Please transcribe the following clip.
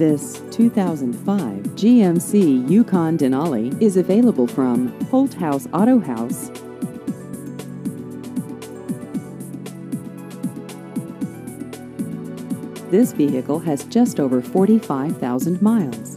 This 2005 GMC Yukon Denali is available from Holt House Auto House. This vehicle has just over 45,000 miles.